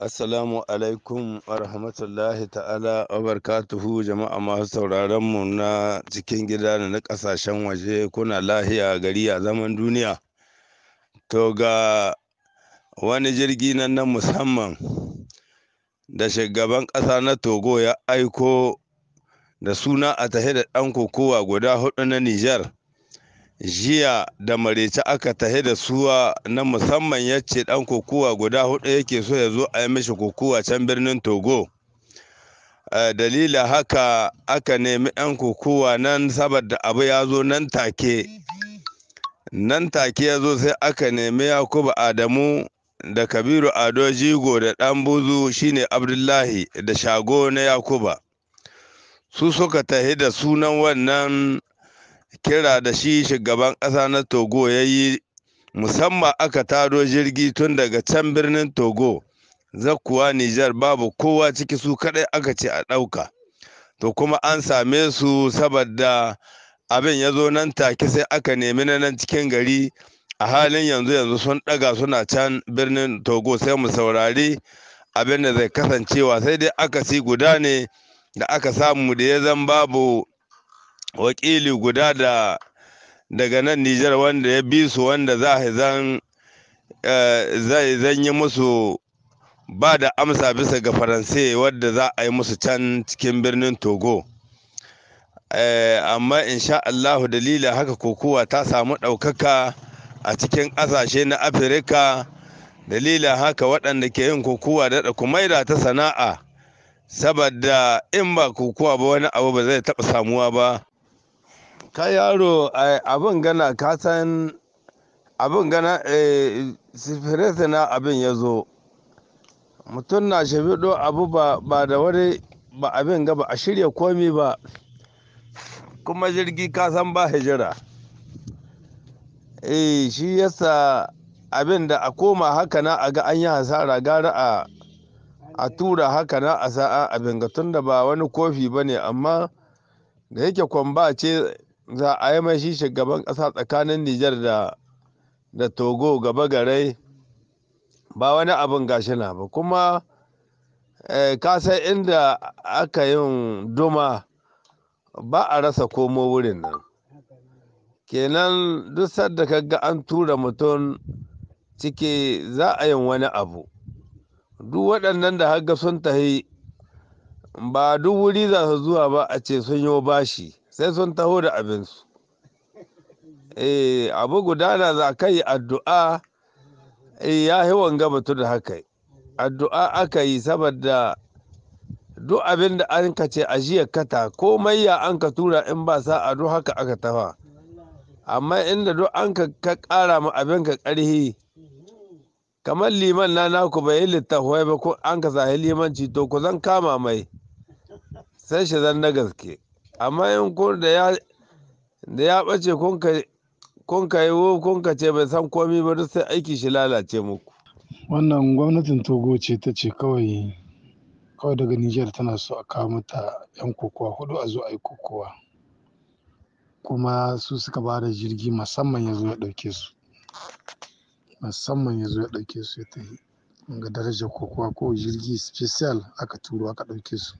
Assalamu alaikum wa rahmatullahi ta'ala wa barakatuhu jama'a masu sauraron mu na cikin gida da na kasashen waje kuna lahiya gari a zaman duniya. To ga wani jirgi nan na musamman da shugaban ƙasa na Togo ya aiko da suna a tahe da ɗan kokowa guda hudu na Nijar jiya da marece aka tahe da suwa na musamman ya ce ɗan kokowa guda hudu yake so ya zo a yi mishi kokowa can birnin togo eh, dalila haka aka nemi ɗan kokowa nan saboda abu ya zo nan take nan take ya zo sai aka nemi yakubu adamu da kabiru ado jigo da ɗan buzu shine abdullahi da shago na yakuba su suka tahe da sunan wannan kira da shi shugaban ƙasa na togo ya yi musamman aka taro jirgi tun daga can birnin togo zakuwa nijar babu kowa ciki su kaɗai aka ce a ɗauka to kuma an same su saboda abin ya zo nan take sai aka nemi na nan cikin gari a halin yanzu yanzu sun ɗaga suna can birnin togo sai mu saurari abin da zai kasancewa sai dai akasi guda ne da aka samu da ya zan babu wakili guda da daga nan Nijar wanda ya bi su wanda za eh, zan yi musu ba da amsa bisa ga faransai wadda za a yi musu can cikin birnin togo eh, amma insha allahu dalila haka kokowa ta samu ɗaukaka a cikin ƙasashe na afirka dalila haka waɗanda ke yin kokowa daɗa kumaida ta sana'a saboda in ba kokowa ba wani abu ba zai taɓa samuwa ba ka yaro abin gana ka san abin gana eh, sifireta na abin ya zo mutum na shafiɗo abu ba da wani ba abin gaba a shirya komi ba kuma jirgi ka san ba hijira eh shi yasa abin da a koma haka na a ga an yi hasara gara a a tura haka na a sa'a abin ga tunda ba wani kofi ba ne amma da yake kwamba ce za a yi mai shi shugaban ƙasa tsakanin Nijar da da Togo gaba garai ba wani abin gashi na ba kuma eh, ka san inda aka yin duma ba a rasa komo wurin nan kenan duk sadda ga an tura mutum ciki za a yin wani abu duk waɗannan da haga sun tahi ba duk wuri za su zuwa ba a ce sun yi bashi sai sun taho da abinsu eh abu guda na za ka yi addu'a eh, ya yi wanga batu da haka addu'a aka yi saboda duk abin da an ka ce ajiyar kata komai ya an ka tura in ba sa a duk haka aka tafa amma inda duk an ka kara ma abin ka karhi kamar liman na naku bai yi littafai ba ko an ka sahi limanci to ku zan kama mai sai shi zan na gaske amma yin kun da ya da ya ɓace kun ka yi kun ka ce bai san komi ba duk sai aiki shi lalace muku wannan gwamnatin togo ce ta ce kawai kawai daga niger tana so a kawo mata yan kokowa hudu a zo a yi kokowa kuma su suka ba da jirgi musamman ya zo ya dauke su musamman ya zo ya dauke su ya tafi ga darajar kokowa ko jirgi special aka turo aka dauke su